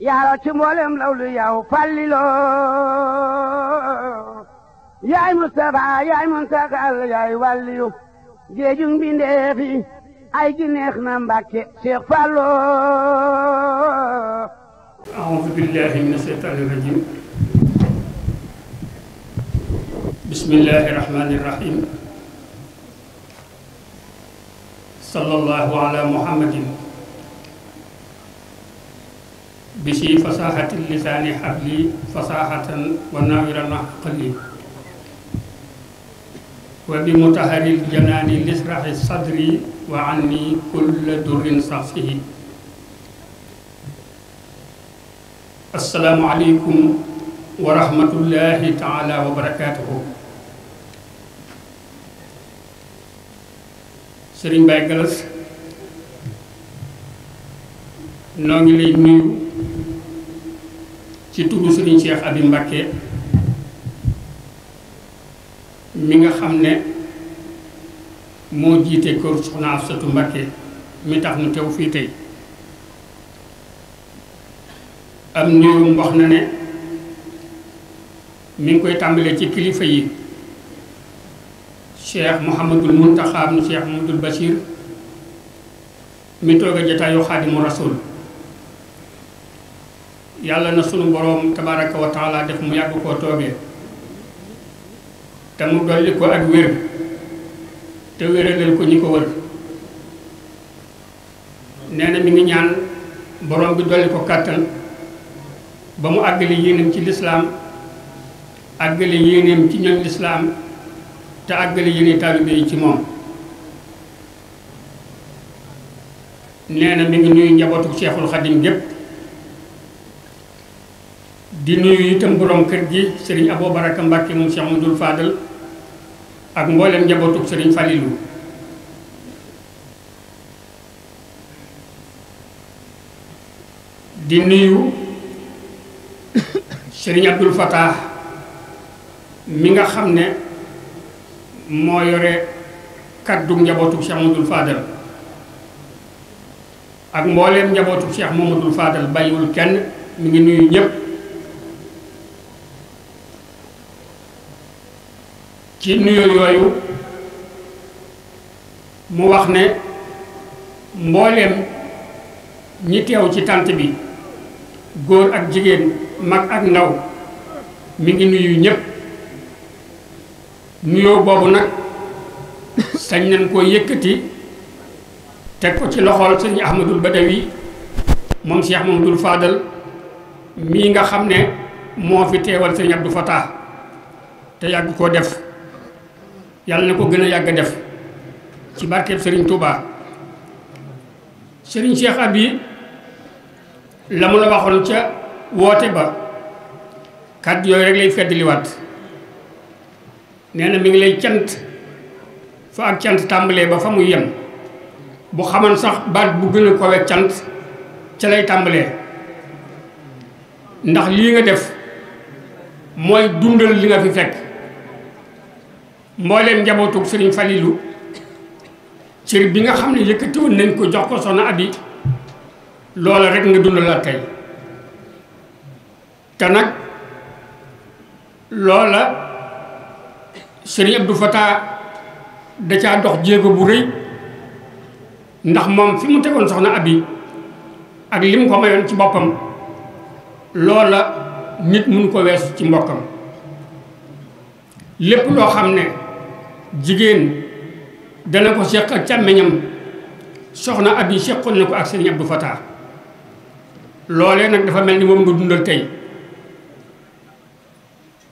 yaara ci mboolem lawlu yow fallilo yaay Mustafa yaay muntakal yaay wàlliyu géeju mbindeef yi ay gi neex na Mbàkke Seex Fallu aoudu billahi min asheytaani rajim bismillahi rahmani rahim sallallahu ala muhammadin bi si fasaxati lisaani xabli fasaxatan wa naawira na xaqli wa bi mutaharil janaani lisraxi sadri wa anni kulla durrin safihi assalaamu aleykum wa rahmatullahi taala wa barakaatuhu sëriñ Baye Galas noo ngi lay nuyu ci turu Serigne Cheikh Abi Mbacké mi nga xam ne moo jiite kër Soxna Afsatu Mbacké mi tax mu teew fii tey am nuyum wax na ne mi ngi koy tàmbalee ci kilifa yi Cheikh Mouhamadul Muntaxa am Cheikh Mouhamadul Bachir mi toog a jataayu Xaadimu Rasuul yàlla na sunu boroom tabaraka wa def mu yàgg koo toogee te mu dolli ko ak wér te wéragal ko ñi ko wër nee mi ngi ñaan boroom bi dolli ko kàttan ba mu àggale yéeneem ci lislaam àggale yéeneem ci ñoñ lislaam te àggale yéene taalibe yi ci moom nee na mi ngi nuyu njabootu Cheikhul Khadim gépp di nuyu itam borom kër gi sëriñ Abou mbarke mu moom Cheikh Amadou Fadal ak mbooleem njabootug sëriñ Falilou di nuyu sëriñ Abdoul Fattah mi nga xam ne moo yore kaddu njabootug Cheikh Amadou Fadal ak mboolem njabootug Cheikh Mamadou Fadal bàyyiwul kenn mu ngi nuyu ñëpp. ci nuyo yooyu mu wax ne mbooleem ñi teew ci tànt bi góor ak jigéen mag ak ndaw mi ngi nuyu ñépp nuyoo boobu nag sañ nañ koo yëkkati teg ko ci loxool sëñ Ahmadul Badawi moom Cheikh Ahmadul Fadal mii nga xam ne moo fi teewal sëñ du Fatah te yàgg koo def yàlla na ko gën a yàgg a def ci sëriñ Serigne Touba Serigne Cheikh Abi la mu la waxoon ca woote ba kàdd yooyu rek lay feddliwaat nee na mi ngi lay cant fa ak cant tàmbalee ba fa muy yem bu xaman sax baat bu gën a kowe cant ca lay tàmbalee ndax lii nga def mooy dundal li nga fi fekk mboolem njabootu sëriñ Falilou cër bi nga xam ne yëkkati woon nañ ko jox ko soxna Abi loola rekk nga dund la tey te nag loola sëriñ Abdou Fatah da caa dox jéego bu rëy ndax moom fi mu tegoon soxna Abi ak li mu ko mayoon ci boppam loola nit mënu ko wees ci mbokkam lépp loo xam ne jigéen dana ko seq ak càmmeñam soxna ab yi seqoon na ko ak sëriñ Abdou Fatah loolee nag dafa mel ni moom nga dundal tey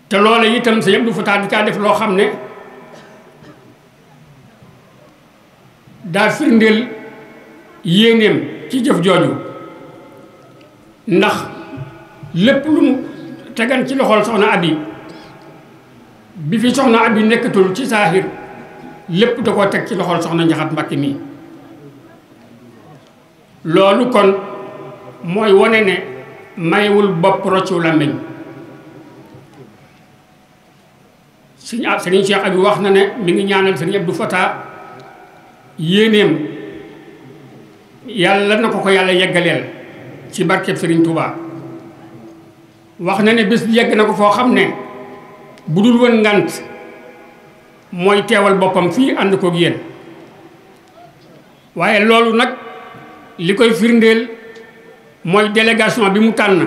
te loole itam sëriñ du Fatah di caa def loo xam ne daa firndeel yéeneem ci jëf jooju ndax lépp lu mu tegan ci loxol soxna ab yi bi fi soxna ab yi nekkatul ci saaxir lépp da koo teg ci loxol soxna njaxat mbàkke mii loolu kon mooy wone ne mayewul bopp roccu làmmiñ sëñ ab sëriñ Cheikh Abi wax na ne mi ngi ñaanal sëriñ du Fata yéenéem yàlla na ko ko yàlla yeggaleel ci barkeb sëriñ Touba wax na ne bés yegg na ko foo xam ne bu dul woon ngant mooy teewal boppam fii ànd koog yéen waaye loolu nag li koy firndeel mooy délégation bi mu tànn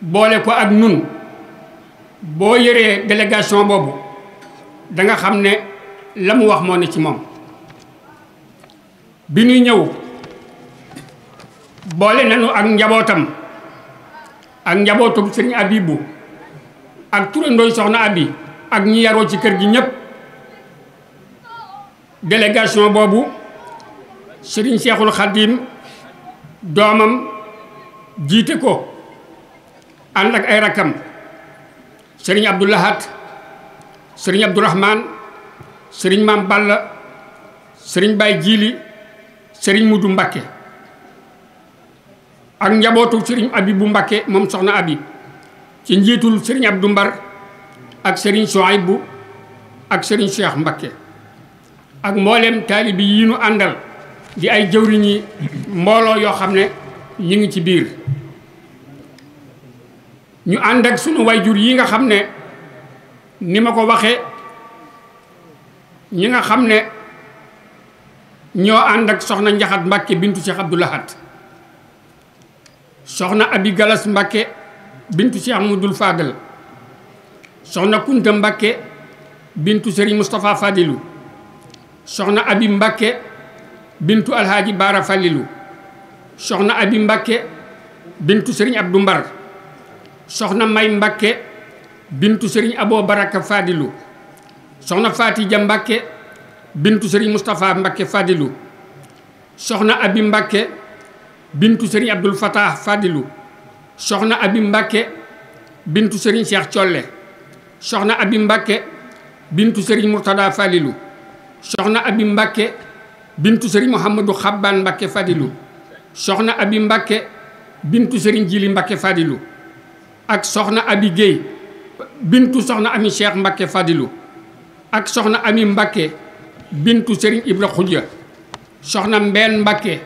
boole ko ak nun boo yëree délégation boobu danga xam ne la mu wax moo ne ci moom bi ñuy ñëw boole nañu ak njabootam ak njabootum sëriñ Abibu ak turandooy soxna abi ak ñi yaroo ci kër gi ñépp délégation boobu sëriñ seexul xaddiim doomam jiite ko ànd ak ay rakkam sëriñ abdoulahat sëriñ abdourahman sëriñ maam balla sëriñ bay jiili sëriñ mudu mbakke ak njabootu sëriñ abi bu mbakke moom soxna abi ci njiitul sëriñ Abdou Mbar ak sëriñ Souaïbou ak sëriñ Cheikh Mbakke ak mbooleem taalibi yi ñu àndal di ay jëwriñi mbooloo yoo xam ne ñu ngi ci biir ñu ànd ak sunu wayjur yi nga xam ne ni ma ko waxee ñi nga xam ne ñoo ànd ak soxna Njaxat Mbakke bintu Cheikh Abdou Lahad soxna Abi Galas Mbakke bintu Cheikh Amadou Fadal soxna Kunta Mbakke bintu Serigne Moustapha Fadilu soxna Abi Mbakke bintu Alhaji Baara Falilu soxna Abi Mbakke bintu Serigne Abdou Mbar soxna May Mbakke bintu Serigne Abo Baraka Fadilu soxna Fatija Mbakke bintu Serigne Moustapha Mbakke Fadilu soxna Abi Mbakke bintu Serigne Abdoul Fatah Fadilu soxna abi mbàkke bintu sëriñ Cheikh Colle soxna abi mbàkke bintu sëriñ Murtada Falilu soxna abi mbàkke bintu sëriñ Mouhamadou Xabbaan Mbàkke Fadilu soxna abi mbàkke bintu sëriñ Jili Mbàkke Fadilu ak soxna abi Géey bintu soxna ami Cheikh Mbàkke Fadilu ak soxna ami mbàkke bintu sëriñ Ibra Xujja soxna Mbeen Mbàkke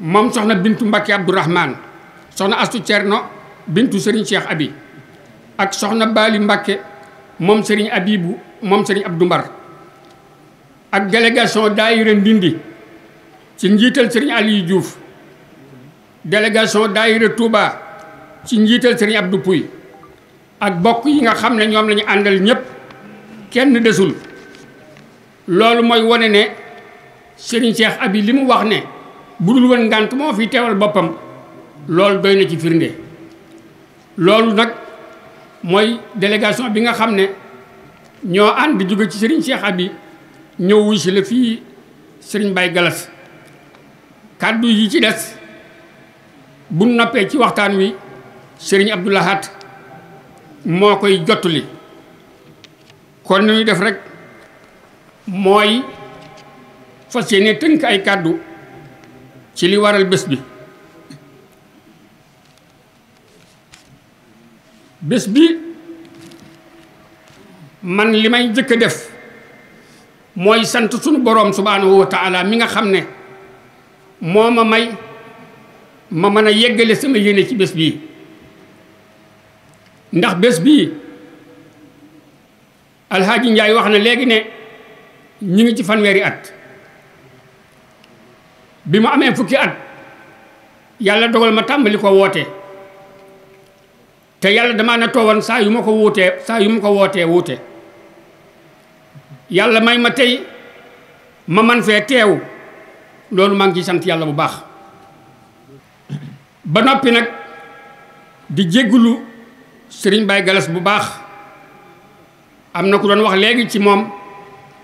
moom soxna bintu Mbàkke Abdourahman soxna astu cerno bintu sëriñ cheikh abi ak soxna baali mbàkke moom sëriñ abibu moom sëriñ abdu mbar ak délégation daayira ndindi ci njiital sëriñ aliyu juuf délégation daayira touba ci njiital sëriñ abdu puy ak bokk yi nga xam ne ñoom lañu ñu àndal ñépp kenn desul loolu mooy wone ne sëriñ cheikh abi li mu wax ne bu dul woon ngànt moo fi teewal boppam loolu doy na ci firnde loolu nag mooy délégation bi nga xam ne ñoo ànd jóge ci sëriñ Cheikh bi ñëw wuy si la fii sëriñ Baye Galas kàddu yi ci des bu nappee ci waxtaan wi sëriñ Abdou Lahad moo koy jottali kon ni ñuy def rek mooy fas yéene tënk ay kàddu ci li waral bés bi bés bi man li may njëkk a def mooy sant sunu boroom subhaanahu wa mi nga xam ne moo ma may ma mën a yeggale sama yéene ci bés bii ndax bés bi alxaaji Njaay wax na léegi ne ñu ngi ci fanweeri at bi mu amee fukki at yàlla dogal ma tàmbali ko woote te yàlla damaa na toowoon saa yu ma ko wuutee saa yu ma ko wootee wuute yàlla may ma tey ma man fee teew loolu maa ngi ciy sant yàlla bu baax ba noppi nag di jéggulu sëriñ Baye Galas bu baax am na ku doon wax léegi ci moom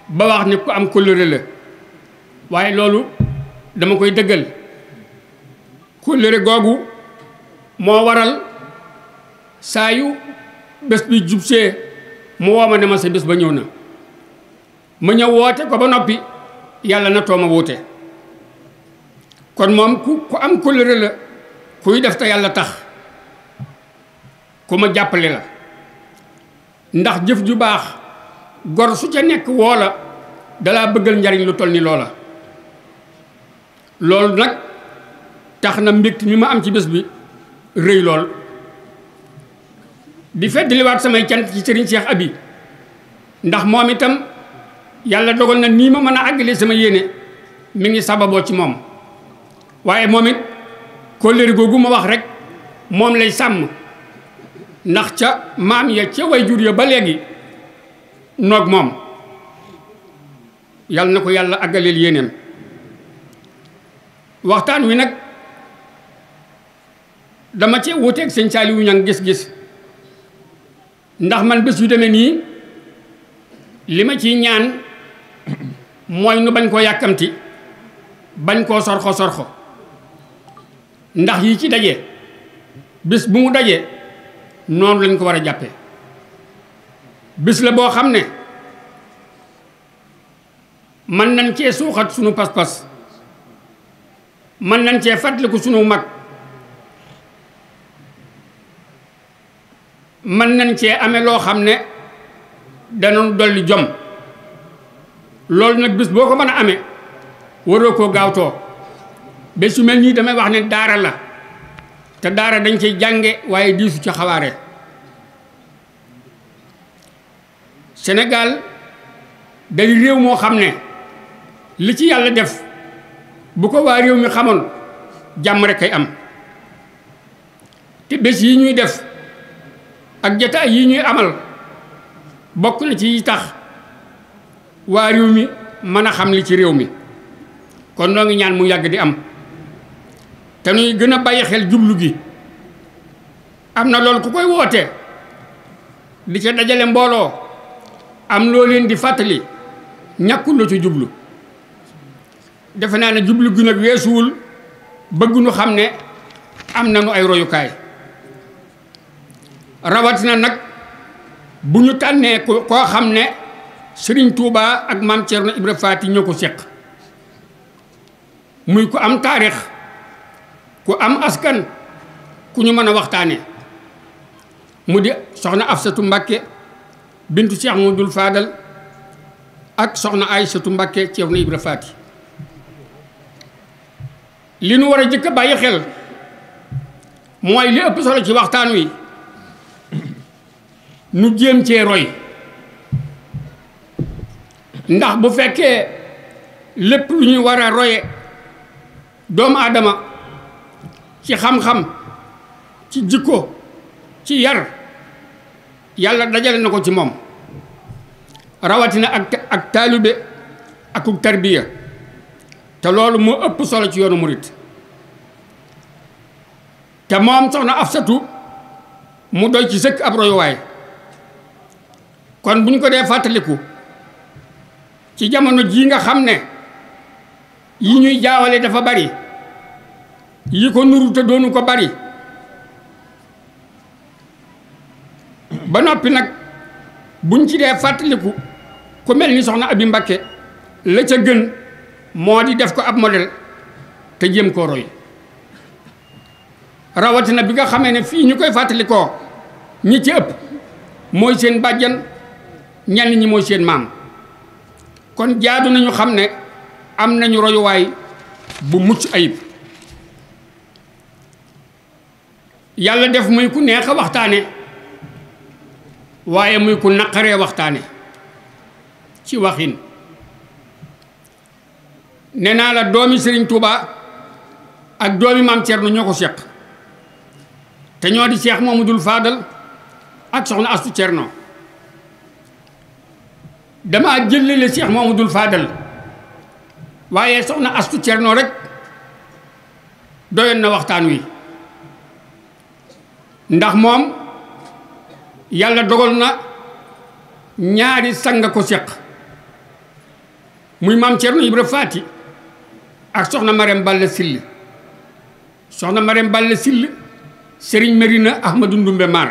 ba wax ni ku am kóllëre la waaye loolu dama koy dëggal kóllëre googu moo waral saa yu bés bi jubsee ma ne ma sa bés ba ñëw na ma ñëw woote ko ba noppi yàlla na tooma wuute kon moom ku ku am kóllëre la kuy def te yàlla tax ku ma jàppale la ndax jëf ju baax gor su ca nekk woo la dalaa bëggal njariñ lu toll ni loola loolu nag tax na mbégte mi ma am ci bés bi rëy lool di feddliwaat samay cant ci sëriñ Cheikh Abi ndax moom itam yàlla dogal na nii ma mën a àggale sama yéene mi ngi sababoo ci moom waaye moom it kóllëre googu ma wax rek moom lay sàmm ndax ca maam ya ca way jur ya ba léegi noog moom yàlla na ko yàlla àggaleel yéeneem waxtaan wi nag dama ci wuteeg sëñ Saaliwu Ñaŋ gis-gis ndax man bés yu demee nii li ma ci ñaan mooy nu bañ koo yàkkamti bañ koo sorxo sorxo ndax yi ci dajee bés bu mu dajee noonu lañ ko war a jàppee bés la boo xam ne mën nañ cee suuxat sunu pas-pas mën nañ cee fàttaliku sunu mag mën nañ cee amee loo xam ne danañ dolli jom loolu nag bés boo ko mën a amee waroo koo gaawtoo bés yu mel nii damay wax ne daara la te daara dañ cay jànge waaye diisu ci xawaare Sénégal day réew moo xam ne li ci yàlla def bu ko waa réew mi xamoon jàmm rek kay am te bés yi ñuy def ak jotaay yi ñuy amal bokk na ci tax waa réew mi mën a xam li ci réew mi kon noo ngi ñaan mu yàgg di am te nuy gën a bàyyi xel jublu gi am na loolu ku koy woote di ca dajale mbooloo am loo leen di fàttali ñàkkul la ci jublu defe naa ne jublu gi nag weesuwul bëgg nu xam ne am nañu ay royukaay rawatina nag bu ñu tànnee koo xam ne sëriñ Touba ak maam Thierno Ibra Faty ñoo ko seq muy ku am taarix ku am askan ku ñu mën a waxtaanee mu di soxna Afsatu Mbàkke bintu Cheikh Modou Fadal ak soxna Aysatu Mbàkke Thierno Ibra Faty li nu war a jëkk bàyyi xel mooy li ëpp solo ci waxtaan wi nu jéem cee roy ndax bu fekkee lépp lu ñuy war a roye doomu aadama ci xam-xam ci jikko ci yar yàlla dajale na ko ci moom rawatina ak ak taalibe akuk tarbiya te loolu moo ëpp solo ci yoonu murit te moom soxna Afsatu mu doy ci sëkk ab royuwaay kon bu ñu ko dee fàttaliku ci jamono jii nga xam ne yi ñuy jaawale dafa bari yi ko nuru te doonu ko bari ba noppi nag buñ ci dee fàttaliku ku mel ni soxna Abi Mbakke la ca gën moo di def ko ab modèle te jéem koo roy rawatina bi nga xamee ne fii ñu koy fàttalikoo ñi ci ëpp mooy seen bàjjan ñenn ñi mooy seen maam kon jaadu nañu xam ne am nañu royuwaay bu mucc ayib yàlla def muy ku neex a waxtaane waaye muy ku naqaree waxtaane ci waxin nee naa la doomi sëriñ Touba ak doomi maam Thierno ñoo ko seq te ñoo di Cheikh Mamadou faadal ak soxna Astou Thierno damaa jëlle le Cheikh Mamadou Fadal waaye soxna astu noo rek doyoon na waxtaan wi ndax moom yàlla dogal na ñaari sanga ko seq muy maam Cerno Ibra Faati ak soxna Marème Balla Sill soxna Marème Balla Sill Serigne Merina Ahmadou Ndumbe Mar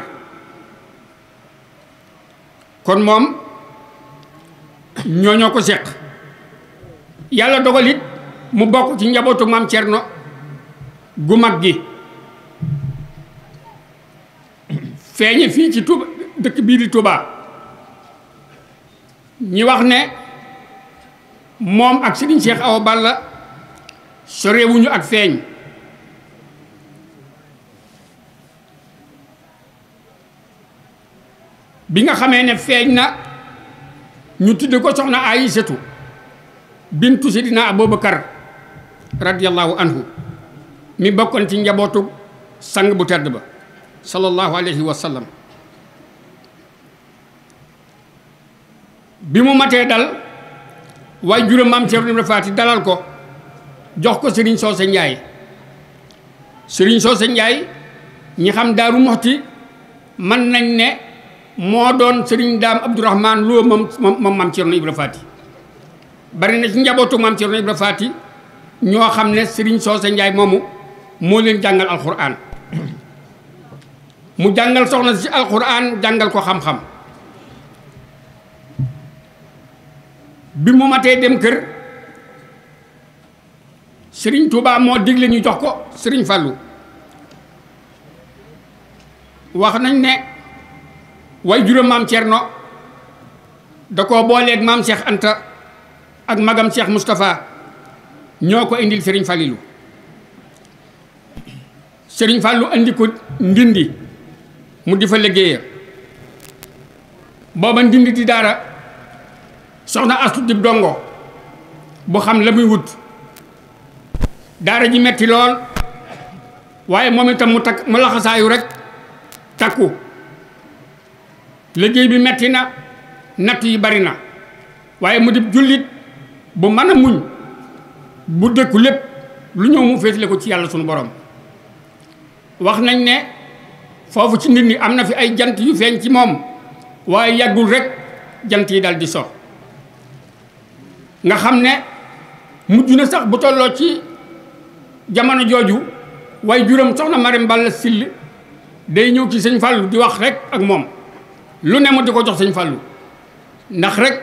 kon moom ñoo ñoo ko seq yàlla dogal mu bokk ci njabootu maam Cerno gu mag gi feeñe fii ci Touba dëkk bii di tubaa ñi wax ne moom ak Serigne Cheikh Awa Balla sorewuñu ak feeñ bi nga xamee ne feeñ na ñu tudde ko soxna Aysatu bintu sidina Abubakar radiyallahu anhu mi bokkoon ci njabootu sang bu tedd ba sallallahu alayhi wa bi mu matee dal waaye juróom maam Cheikh dalal ko jox ko sëriñ Serigne Socé Ndiaye Serigne Socé Ndiaye ñi xam Daaru Muxti mën nañ ne moo doon sëriñ daam abdourahman loo moom moom maam Cerno Ibra Faati bari na ci njabootu maam Cerno Ibra Faati ñoo xam ne sëriñ soose njaay moomu moo leen jàngal alquran mu jàngal soxna si alquran jàngal ko xam-xam bi mu matee dem kër sëriñ Touba moo digle ñu jox ko sëriñ Fallou wax nañ ne way juróom maam Thierno da koo booleeg maam Cheikh Anta ak magam Cheikh Moustapha ñoo ko indil Serigne Fallilou Serigne Fallou indi ko ndindi mu di fa liggéeya booba ndindi di daara soxna astu dib dongo bu xam la muy wut daara ji metti lool waaye moom itam mu takk mu laxasaayu rek takku liggéey bi metti na natt yi bari na waaye mu dib jullit bu mën a muñ bu dëkku lépp lu ñëw mu féetale ko ci yàlla sunu borom wax nañ ne foofu ci nit ñi am na fi ay jant yu feeñ ci moom waaye yàggul rek jant yi dal di so nga xam ne mujj na sax bu tolloo ci jamono jooju waaye juróom soxna Maram Balla Sill day ñëw ci sëñ Fallou di wax rekk ak moom lu ne mu di ko jox sëñ Fallou ndax rek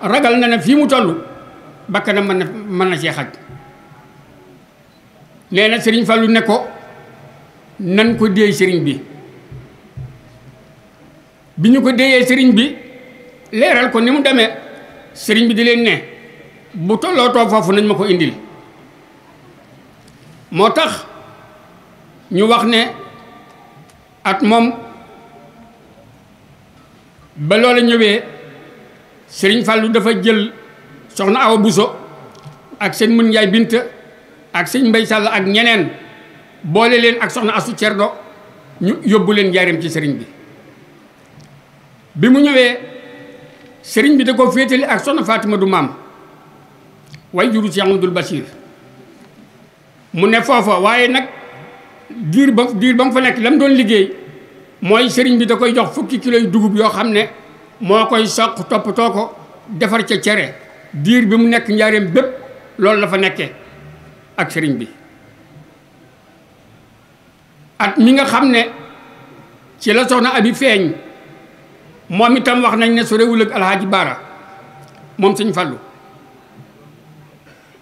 ragal na ne fii mu toll bakkanam ma na mën na cee xaj nee na sëriñ Fallou ne ko nan ko déey sëriñ bi bi ñu ko déyee sëriñ bi leeral ko ni mu demee sëriñ bi di leen ne bu tolloo too foofu nañ ma ko indil moo tax ñu wax ne at moom ba loola ñëwee sëriñ Fallou dafa jël soxna aw buso ak sëñ Mun Njaay Binta ak sëñ Mbay Sàll ak ñeneen boole leen ak soxna Asu Cerno ñu yóbbu leen njaareem ci sëriñ bi bi mu ñëwee sëriñ bi da ko féetale ak soxna Fatima du maam way juru Cheikh Amadou Bachir mu ne foofa waaye nag diir ba diir ba mu fa nekk la mu doon liggéey mooy sëriñ bi da koy jox fukki kilo yu dugub yoo xam ne moo koy soq toppatoo ko defar ca cere diir bi mu nekk njaareem bépp loolu dafa fa nekkee ak sëriñ bi at mi nga xam ne ci la soxna abi feeñ moom itam wax nañ ne su réwul ak alxaaji baara moom sëñ fàllu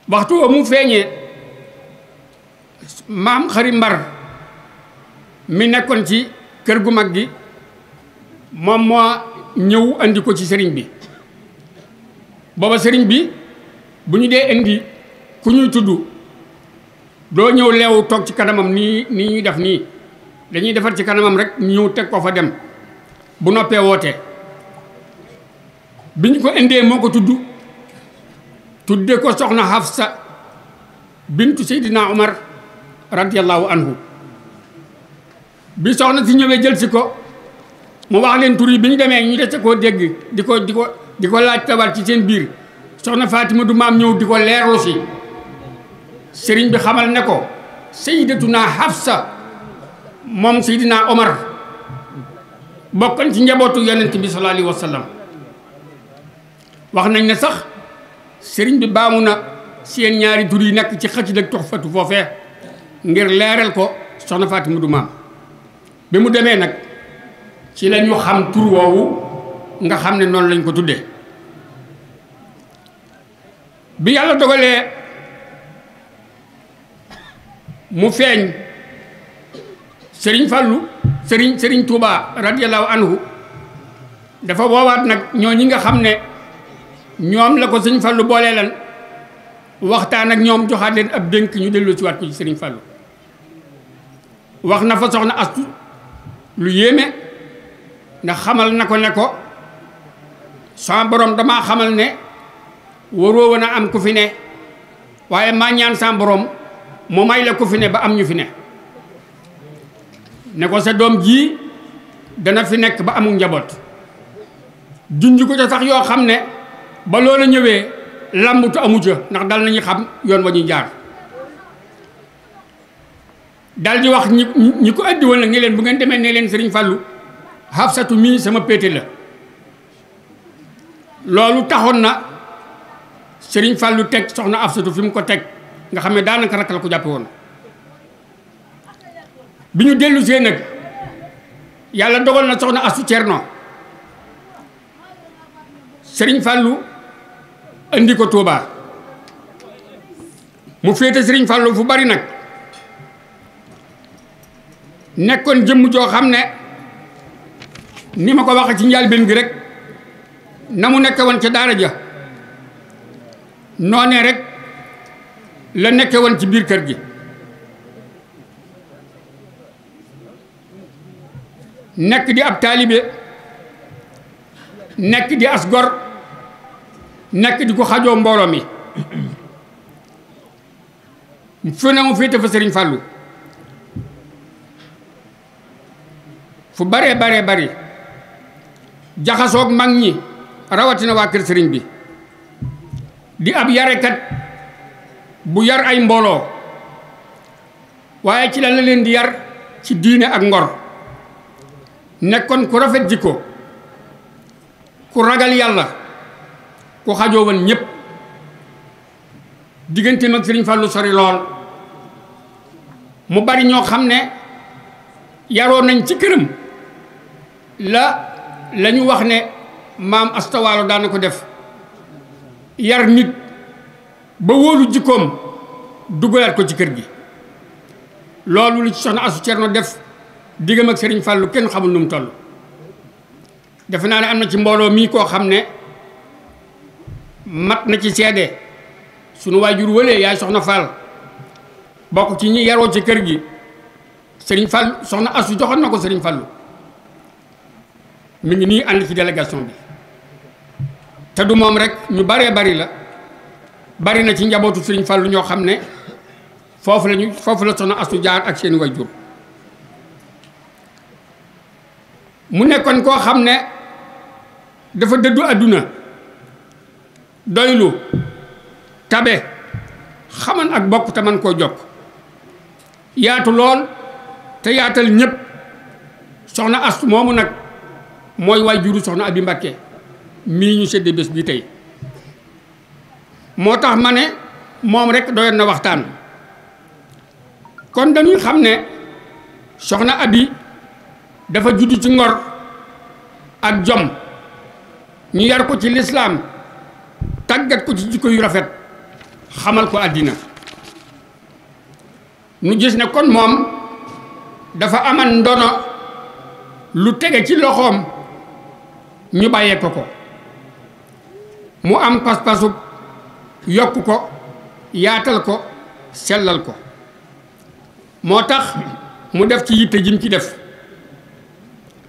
waxtu wa mu feeñee maam xari mbar mi nekkoon ci kër gu mag gi moom moo ñëw indi ko ci sëriñ bi booba sëriñ bi bu ñu dee indi ku ñuy tudd doo ñëw leew toog ci kanamam ni ni ñuy def nii dañuy defar ci kanamam rek ñëw teg ko fa dem bu noppee wootee bi ñu ko indee moo ko tudd tudde ko soxna Hafsa bintu Seydina Umar radiyallahu anhu bi soxna si ñëwee jël si ko mu wax leen tur bi ñu demee ñu dese koo dégg di ko di ko di ko laaj tabar ci seen biir soxna faatima du maam ñëw di ko leerlu si sëriñ bi xamal ne ko naa Hafsa moom naa Omar bokkan ci njabootu yonent bi sallallahu alayhi wa sallam wax nañ ne sax sëriñ bi baamu na seen ñaari tur yi nekk ci xëcc dëgg toxfatu foofee ngir leeral ko soxna Fatima du maam bi mu demee nag ci lañu ñu xam tur woowu nga xam ne noonu lañ ko tuddee bi yàlla dogalee mu feeñ sëriñ fàllu sëriñ sëriñ Touba radiallahu anhu dafa woowaat nag ñoo ñi nga xam ne ñoom la ko sëriñ fàllu boolee lan waxtaan ak ñoom joxaat leen ab dénk ñu dellu ci waat ko ci sëriñ fàllu wax na fa soxna astu lu yéeme ndax xamal na ko ne ko sama borom damaa xamal ne waroo woon am ku fi ne waaye maa ñaan sama borom mu may la ku fi ne ba am ñu fi ne ne ko sa doom ji dana fi nekk ba amul njaboot junj ko ca sax yoo xam ne ba loola ñëwee làmbtu amu ca ndax dal nañu xam yoon wa ñu jaar daal di wax ñi ñi ko addi woon nag ne leen bu ngeen demee ne leen sëriñ fàllu Hafsatu mii sama péete la loolu taxoon na sëriñ fàllu teg soxna Hafsatu fi mu ko teg nga xam ne daanaka rakk la ko jàppe woon bi ñu dellu see nag yàlla dogal na soxna asu cerno sëriñ fàllu indi ko Tuubaa mu féete sëriñ fàllu fu bari nag nekkoon jëmm joo xam ne ni ma ko waxee ci njëlbéen gi rek na mu nekke woon ca daara ja noonee rek la nekke woon ci biir kër gi nekk di ab taalibe nekk di as gor nekk di ko xajoo mbooloo mi fu ne mu féete fa Sëriñ Fàllu fu baree baree bari jaxasoog mag ñi rawatina waa kër sëriñ bi di ab yarekat bu yar ay mbooloo waaye ci lan la leen di yar ci diine ak ngor nekkoon ku rafet ji ko ku ragal yàlla ku xajoo woon ñépp diggante mag sëriñ Fallou sori lool mu bari ñoo xam ne yaroo nañ ci këram la lañu wax ne maam astawaalo daan na ko def yar nit ba wóolu jikkoom dugalaat ko ci kër gi loolu lu ci soxna asu cerno def diggam ak sëriñ fàllu kenn xamul nu mu toll defe naa ne am na ci mbooloo mii koo xam ne mat na ci seede sunu waajur wëlee yaay soxna Fall bokk ci ñi yaroo ci kër gi sëriñ fàllu soxna asu joxoon na ko sëriñ fàllu mi ngi nii ànd ci délégation bi te du moom rek ñu baree bari la bari na ci njabootu Sëriñ Fallu ñoo xam ne foofu lañu foofu la soxna Astu jaar ak seen wayjur mu nekkoon koo xam ne dafa dëddu àdduna doylu tabe xaman ak bokk te man koo jokk yaatu lool te yaatal ñépp soxna Astu moomu nag mooy waay juru soxna abi mbàkke mii ñu séddee bés bi tey moo tax ma ne moom rek doyoon na waxtaan kon dañuy xam ne soxna bi dafa juddu ci ngor ak jom ñu yar ko ci lislaam tàggat ko ci jikko yu rafet xamal ko àddina nu gis ne kon moom dafa aman ndono lu tege ci loxoom ñu bàyyee ko ko mu am pas-pasu yokk ko yaatal ko sellal ko moo tax mu def ci yitte jim ci def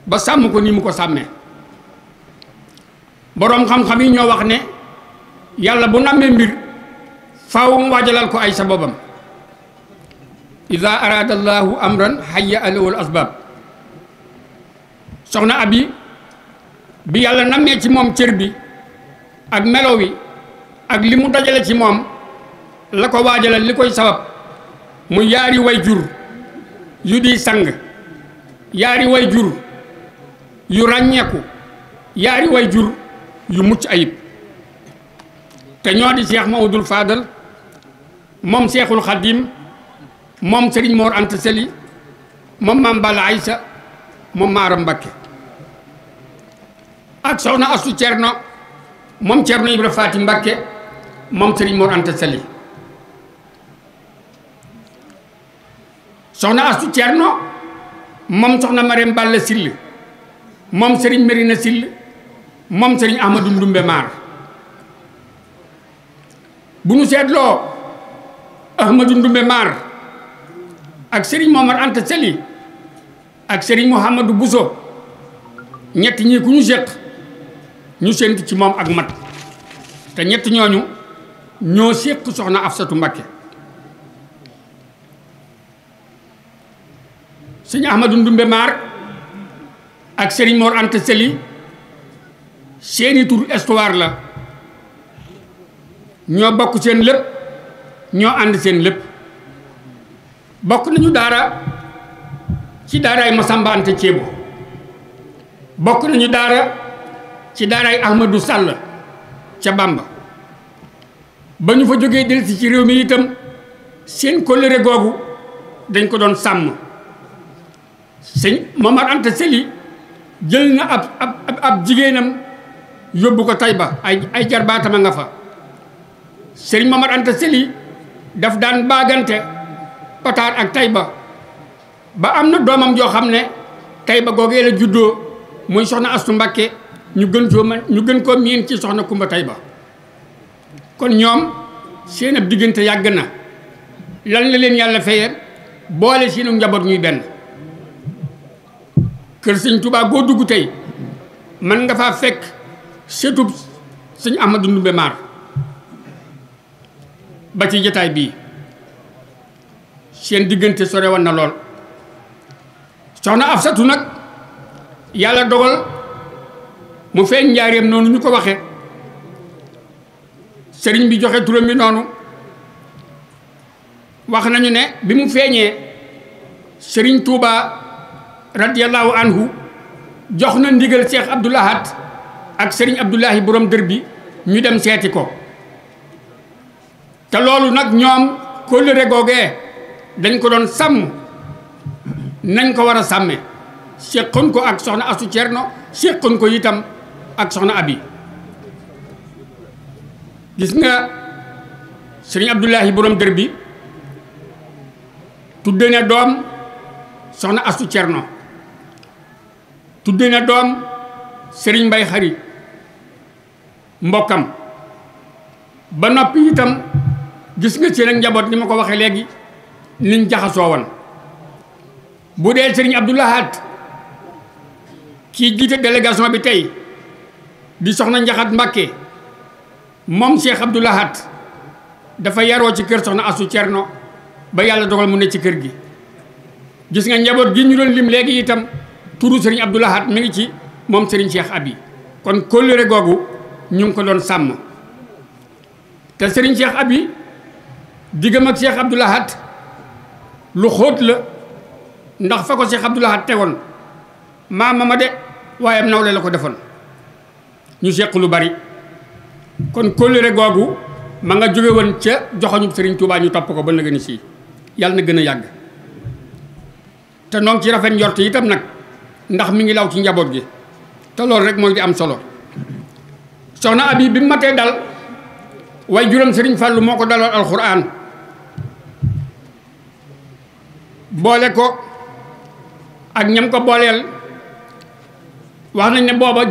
ba sàmm ko ni mu ko sàmmee boroom xam-xam yi ñoo wax ne yàlla bu nammee mbir faaw mu waajalal ko ay sababam ida araada allahu amran hayya alawul asbaab soxna abi bi yàlla nammee ci moom cër bi ak melo yi ak li mu dajale ci moom la ko waajalal li koy sabab mu yaari way jur yu di sang yaari way jur yu ràññeeku yaari way jur yu mucc ayib te ñoo di Cheikh Maodul Fadal moom Cheikhul Khadim moom Serigne Mor Anta Seli moom Maam Balla Aïssa moom Maaram Mbakke ak soxna astu cerno moom cerno Ibra Faati moom sëriñ Mor soxna astu cerno moom soxna Marème Balla Sill moom sëriñ Marina Sill moom sëriñ Ahmadou Ndumbe Maar bu nu seetloo Ahmadou Ndumbe Maar ak sëriñ Momar Anta Sali ak sëriñ Mouhamadou Bousso ñett ku ñu séq ñu séntu ci moom ak mat te ñett ñooñu ñoo séq soxna Afsatu Mbakke sëñ Ahmadu Ndumbe Maar ak sëriñ Mor Anta Seli seeni tur histoire la ñoo bokk seen lépp ñoo ànd seen lépp bokk nañu daara ci daaraay Masamba Anta Ceebo bokk nañu daara ci daaray Ahmadou Sall ca Bamba ba ñu fa jógee delsi ci réew mi itam seen kóllëre googu dañ ko doon sàmm sëñ Momar Anta Sali jël na ab ab ab jigéenam yóbbu ko Tayba ay ay jarbaatam a nga fa sëñ Momar Anta Sali daf daan baagante pataar ak Tayba ba am na doomam joo xam ne ba googee la juddoo muy soxna Astu Mbakke ñu gën soo ñu gën koo miin ci soxna Kumba ba kon ñoom seen ab diggante yàgg na lan la leen yàlla fayee boole seenu njaboot ñuy benn kër sëñ Tuubaa goo dugg tey mën nga faa fekk setub sëñ Ahmadu Ndumbe Maar ba ci jataay bii seen diggante sore woon na lool soxna Afsatu nag yàlla dogal mu feeñ njaareem noonu ñu ko waxe sëriñ bi joxe turam bi noonu wax nañu ne bi mu feeñee sëriñ Touba radiyallahu anhu jox na ndigal Cheikh Abdou Lahad ak sëriñ Abdoulahi borom dër bi ñu dem seeti ko te loolu nag ñoom kóllëre googee dañ ko doon sàmm nañ ko war a sàmme séqoon ko ak soxna Asu Cerno séqoon ko itam ak soxna abi gis nga sëriñ abdullahi borom dër bi tudde na doom soxna astu cerno tudde na doom sëriñ mbay xari mbokkam ba noppi itam gis nga seen ak njaboot ni ma ko waxee léegi niñ jaxasoo woon bu dee sëriñ abdoulahat kii jiite délégation bi tey di soxna njaxat mbàkke moom Cheikh Abdou Lahad dafa yaroo ci kër soxna asu cerno ba yàlla dogal mu ne ci kër gi gis nga njaboot gi ñu doon lim léegi itam turu sëriñ Abdou Lahad mi ngi ci moom sëriñ Cheikh Abi kon kóllëre googu ñu ngi ko doon sàmm te sëriñ Cheikh Abi diggam ak Cheikh Abdou Lahad lu xóot la ndax fa ko Cheikh Abdou Lahad tegoon maama ma de waaye am nawle la ko defoon ñu seq lu bari kon kóllëre googu ma nga jóge woon ca joxoñub sëriñ Touba ñu topp ko ba nëgëni sii yàlla na gën a yàgg te noonu ci rafet njort itam nag ndax mu ngi law ci njaboot gi te loolu rek mooy di am solo soxna abi bi mu matee dal waaye juróom sëriñ Fallou moo ko daloon alxuraan boole ko ak ñam ko booleel wax nañ ne booba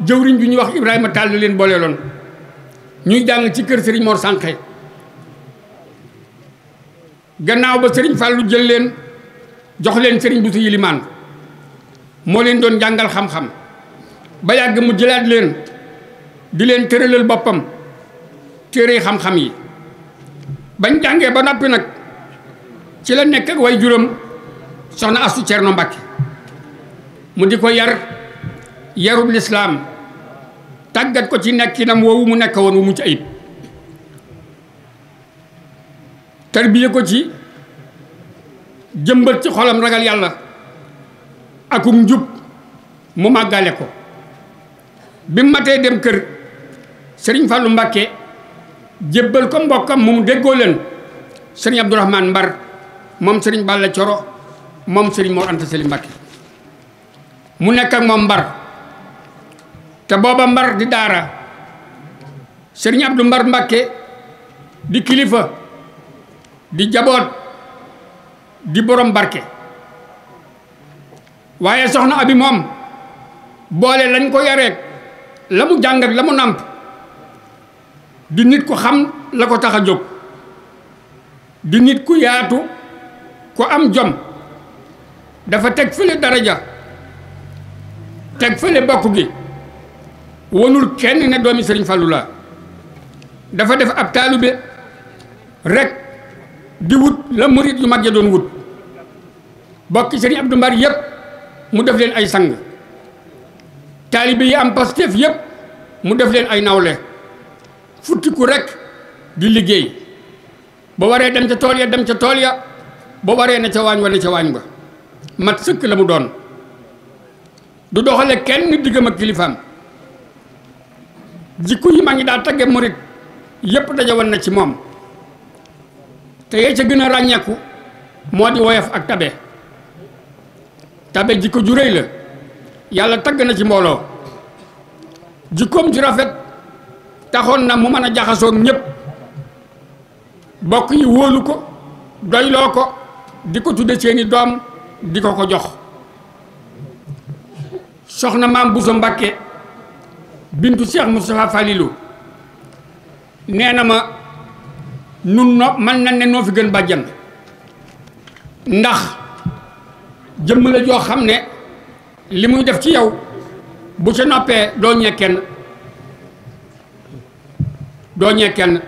jëwriñ bi ñuy wax Ibrahima Tall leen booleeloon ñuy jàng ci kër Serigne Mor Sànqe gannaaw ba Serigne Fallou jël leen jox leen Serigne Bousso Yilimaan moo leen doon jàngal xam-xam ba yàgg mu jëlaat leen di leen tëralal boppam téere xam-xam yi bañ jàngee ba noppi nag ci la nekk ak way juróom soxna Astu Cerno Mbàkke mu di ko yar yarub lislaam tàggat ko ci nekkinam woowu mu nekk woon wu mucc ayib tarbiye ko ci jëmbat ci xolam ragal yàlla akum njub mu màggale ko bi matee dem kër sëriñ Fallou Mbakke jébbal ko mbokkam mu mu déggoo leen sëriñ Abdourahmane Mbar moom sëriñ Balla Coro moom sëriñ moo Anta Sali Mbakke mu nekk ak moom Mbar te booba mbar di daara sëriñ Abdou Mbar Mbàkke di kilifa di jaboot di borom barke waaye soxna abi moom boole lañ ko yareeg la mu jàng la mu nàmp di nit ku xam la ko tax a jóg di nit ku yaatu ku am jom dafa teg fële daraja teg fële bokk gi wonul kenn ne doomi sëriñ falu la dafa def ab taalibe rekk di wut la murit yu mag ya doon wut bokki sëriñ Abdou Mbar yëpp mu def leen ay sang taalibe yi am Pastef yëpp mu def leen ay nawle futtiku rek di liggéey ba waree dem ca tool ya dem ca tool ya ba waree na ca waañ wa ne ca waañ ba mat sëkk la mu doon du doxale kenn diggam ak kilifaam jikko yi maa ngi daa tagge murit yépp daje na ci moom te yee ca gën a ràññeeku moo di woyof ak tabe tabe jikko ju réy la yàlla tagg na ci mbooloo jikkoom ju rafet taxoon na mu mën a jaxasoog ñépp bokk yi wóolu ko doyloo ko di ko tudde seeni doom di ko ko jox soxna maam Bousso Mbàkke bintu Cheikh Moustapha Falilou nee na ma nun no man nañ ne noo fi gën bàjjan ndax jëmm la joo xam ne li muy def ci yow bu ci noppee doo ñee kenn doo ñee kenn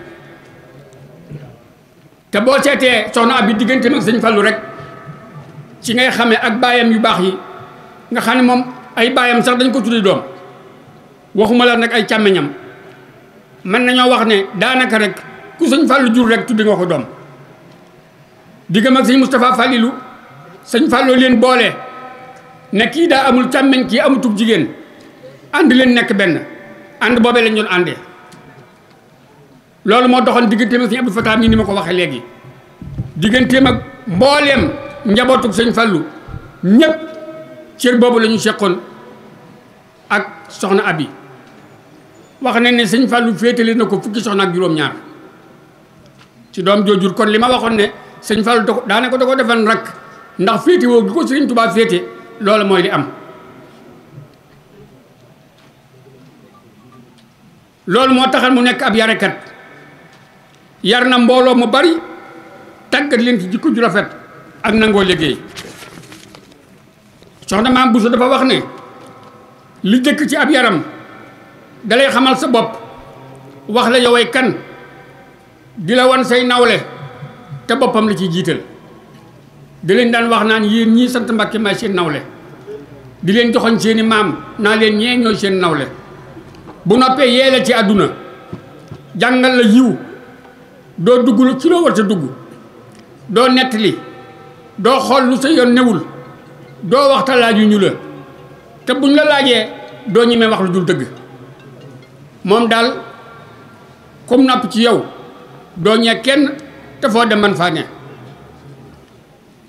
te boo seetee soxna ab bi diggante mag sëñ Fallou rek ci ngay xamee ak baayam yu baax yi nga xam ne moom ay baayam sax dañ ko tuddi doom waxuma la nag ay càmmeñam mën nañoo wax ne daanaka rekk ku sëñ fàllu jur rek tuddi nga ko doom diggam ak sëñ Moustapha Fallilou sëñ fàlloo leen boole ne kii daa amul càmmeñ kii amutub jigéen ànd leen nekk benn ànd boobe lañ doon àndee loolu moo doxoon digganteem ak sëñ Abdou Fatah ni ma ko waxee léegi digganteem ak mbooleem njabootuk sëñ Fallou ñépp cër boobu la ñu ak soxna Abi wax na ne sëñ Fallou féetale na ko fukki soxna ak juróom-ñaar ci doom joojur kon li ma waxoon ne sëñ do daane ko daanaka defal ko defan rakk ndax féete woo gi ko sëriñ Tuubaa féete loolu mooy li am. loolu moo taxal mu nekk ab yarekat yar na mbooloo mu bari tàggat leen ci jikko ju rafet ak nangoo liggéey soxna maam Bousso dafa wax ne li jëkk ci ab yaram. dalay xamal sa bopp wax la yoway kan di la wan say nawle te boppam la ci jiital di leen daan wax naan yéen ñii sant Mbàkke may seen nawle di leen joxoñ seeni maam naa leen ñee ñooy seen nawle bu noppee yee la ci àdduna jàngal la yiw doo dugg ci loo war a dugg doo nettali doo xool lu sa yoon newul doo waxta laaju ñu la te buñ la laajee doo ñemee wax lu dul dëgg moom daal comme napp ci yow doo ñee kenn te foo dem man faa ne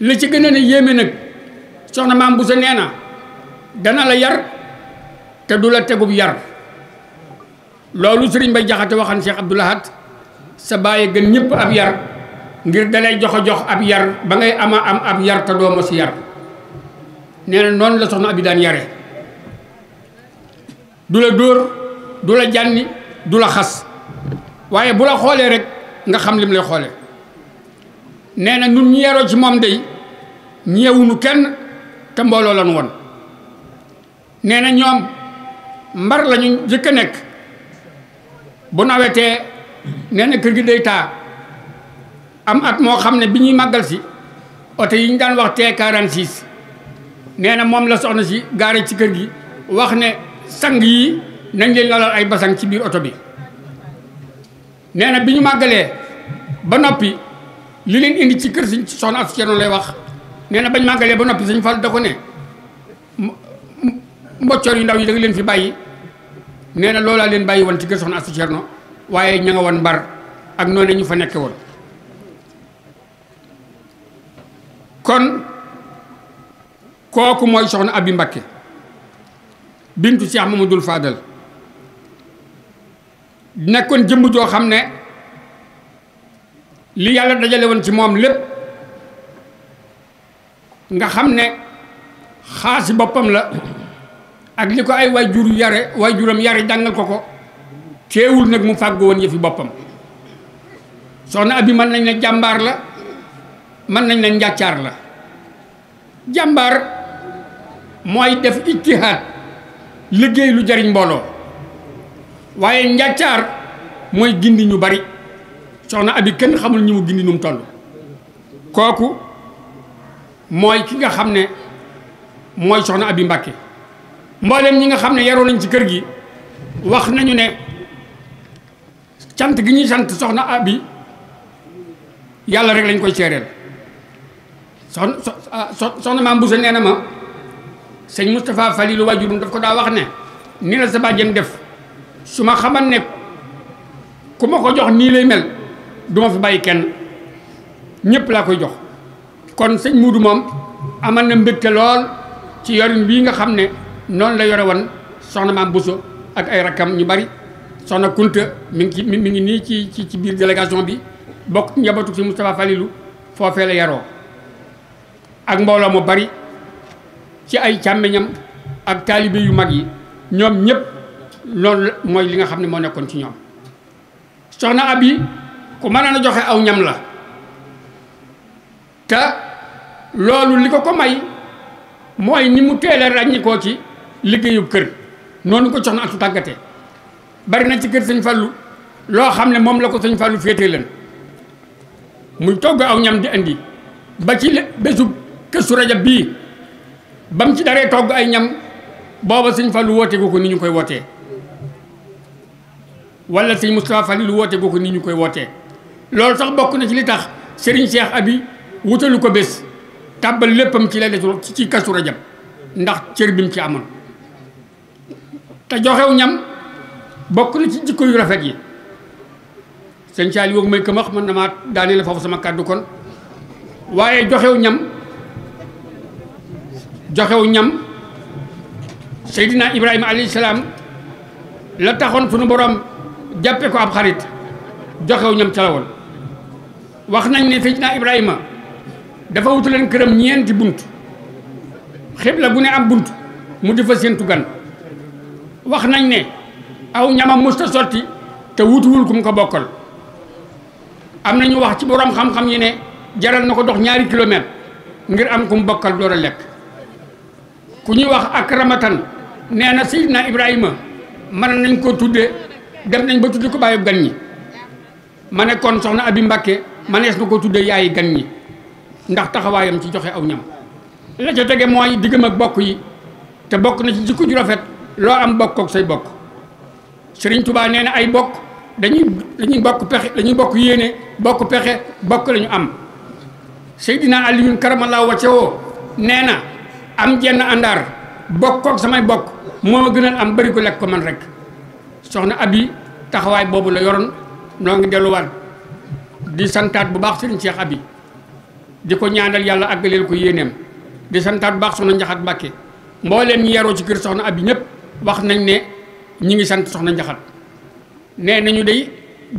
li ci gën a ne yéeme nag soxna maam bu sa nee na dana la yar te du la tegub yar loolu sëriñ bay jaxate waxan Cheikh Abdou Lahad sa bàyyi gën ñëpp ab yar ngir dalay jox jox ab yar ba ngay ama am ab yar te doo ma si yar nee na noonu la soxna abi daan yare du la dóor du la jànni du la xas waaye bu la xoolee rek nga xam lim lay xoole nee na ñun ñu yaroo ci moom day ñeewuñu kenn te mbooloo lan woon nee na ñoom mbar lañu jëkk a nekk bu nawetee nee na kër gi day taa am at moo xam ne bi ñuy màggal si oto yi ñu daan wax T46 nee na moom la soxna si gaare ci kër gi wax ne sang yi nañ leen lalal ay basang ci biir oto bi nee na bi ñu màggalee ba noppi li leen indi ci kër si soxna Astu Cerno lay wax nee na bañ màggalee ba noppi Sëñ Fallu da ko ne mboccoor yu ndaw yi da leen fi bàyyi nee na loolaa leen bàyyi woon ci kër soxna Astu Cerno waaye ña nga won mbar ak noonu ñu fa nekke woon kon kooku mooy soxna Abi Mbakke bintu mu Mamadou Fadal nekkoon jëmm joo xam ne li yàlla dajale woon ci moom lépp nga xam ne xaasi boppam la ak li ko ay wayjur yare wayjuram yare jàngal ko ko teewul nag mu fàggu woon yëfi boppam soxna abi mën nañ ne jàmbaar la mën nañ ne njàccaar la jàmbaar mooy def ijtihaad liggéey lu jariñ mbooloo waaye njàccaar mooy gindi ñu bari soxna abi kenn xamul ñi mu gindi nu mu kooku mooy ki nga xam ne mooy soxna abi mbàkke mboolem ñi nga xam ne yaroo nañ ci kër gi wax nañu ne sant gi ñuy sant soxna abi yàlla rek lañ koy seereel soxna ah, soxna maam Bousso nee na ma sëñ Moustapha Falilou waajurum daf ko daa wax ne ni la sa bàjjen def su ma xaman ne ku ma ko jox nii lay mel du fi bàyyi kenn ñëpp laa koy jox kon sëñ mbuudu moom aman na mbëkk lool ci yorin bii nga xam ne noonu la yore woon soxna maam Bousso ak ay rakkam ñu bari soxna Kunta mi ngi ci mi ngi nii ci ci ci biir délégation bi bokk njabootu ci Moustapha Falilou foofee la yaroo ak mbooloo mu bari ci ay càmmeñam ak taalibe yu mag yi ñoom ñëpp loolu mooy li nga xam ne moo nekkoon ci ñoom soxna ab yi ku mënoon a joxe aw ñam la te loolu li ko ko may mooy ni mu teelee ràññikoo ci liggéeyub kër noonu ko soxna atu tàggatee bari na ci kër sëñ Fallou loo xam ne moom la ko sëñ Fallou féetee leen muy togg aw ñam di indi ba ci bésub këstu rajab bii ba mu ci daree togg ay ñam booba sëñ Fallou woote gu ko ni ñu koy wootee wala sëñ Moustapha Falilou woote googu nii ñu koy wootee loolu sax bokk na ci li tax Serigne Cheikh Abi wutalu ko bés tàbbal léppam ci laylatul ci kastu rajab ndax cër bi ci amoon te joxew ñam bokk na ci jikko yu rafet yi sëñ Saali woogu may këmax man damaa daaneel foofu sama kàddu kon waaye joxew ñam joxew ñam Seydina Ibrahima alayhi salaam la taxoon sunu borom jàppe ko ab xarit joxew ñam ca wax nañ ne Seydina Ibrahima dafa wutu leen këram ñeenti bunt xibla bu ne am bunt mu di fa séentu gan wax nañ ne aw ñamam musta sotti te wutuwul ku mu ko bokkal am na ñu wax ci borom xam-xam yi ne jaral na ko dox ñaari kilomètre ngir am ku mu bokkal door a lekk ku ñuy wax ak ramatan nee na Seydina Ibrahima mën nañ ko tudde def nañ ba tuddi ko bàyyi gan ñi ma ne kon soxna Abi Mbàkke manees na ko tudde yaayi gan ñi ndax taxawaayam ci joxe aw ñam la ca tege mooy diggam ak bokk yi te bokk na ci jikko ju rafet loo am bokk ak say bokk Sëriñ tubaa nee na ay bokk dañuy dañuy bokk pexe dañuy bokk yéene bokk pexe bokk lañu am Seydina Aliyun karamallaahu wajhahu nee na am jenn àndaar bokk ak samay bokk moo ma gënal am bari ko lekk ko man rek soxna abi taxawaay boobu la yoroon noo ngi delluwaat di santaat bu baax sëriñ Cheikh abi di ko ñaanal yàlla àggaleel ko yéeneem di santaat bu baax soxna njaxat Mbàkke mbooleem ñi yaroo ci kër soxna abi ñëpp wax nañ ne ñi ngi sant soxna njaxat ne nañu day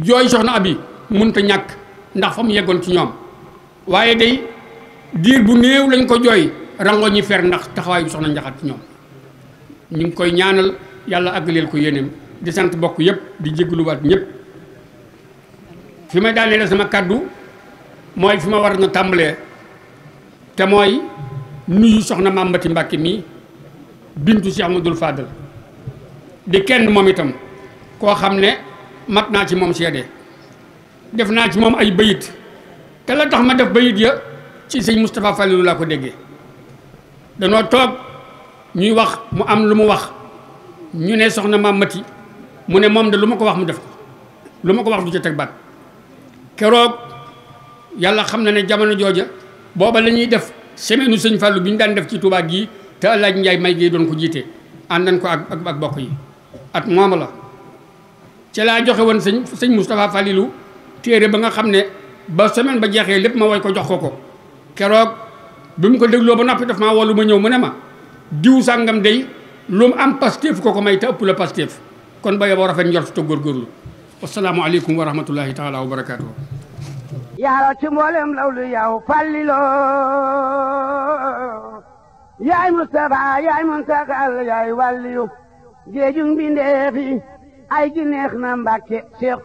jooy soxna abi munta ñàkk ndax fa mu yeggoon ci ñoom waaye day diir bu néew lañ ko jooy rango ñi fer ndax taxawaay bu soxna njaxat ci ñoom ñu ngi koy ñaanal yàlla àggaleel ko yéeneem di sant bokk yëpp di jégluwaat ñëpp fi may daaneele sama kàddu mooy fi ma war na tàmbalee te mooy nuyu soxna Mambati Mbàkke mi bintu Cheikh Amadou faadal di kenn moom itam koo xam ne mat naa ci moom seede def naa ci moom ay bayit te la tax ma def bayit ya ci sëñ Moustapha Fallou laa ko déggee danoo toog ñuy wax mu am lu mu wax ñu ne soxna Mambati mu ne moom de lu ma ko wax mu def ko lu ma ko wax du ca teg baat keroog yàlla xam na ne jamono jooja booba la ñuy def semaine u sëñ Fallou bi ñu daan def ci Touba gii te El Hadj Ndiaye may gi doon ko jiite àndan ko ak ak bokk yi at moom la. ci laa joxe woon sëñ sëñ Moustapha Falilou téere ba nga xam ne ba semaine ba jeexee lépp ma woy ko jox ko ko keroog bi mu ko dégloo ba noppi daf maa wolu ma ñëw mu ne ma diw sàngam day lu mu am Pastef ko ko may te ëpp kon ba yeboo rafet njort te góorgóorlu wasalaamualeykum wa rahmatullahi taala wa barakaatu. yaay Mustafa yaay Muntaxal yaay wàlliyu géejum bindeefi ay gi neex na Mbàkke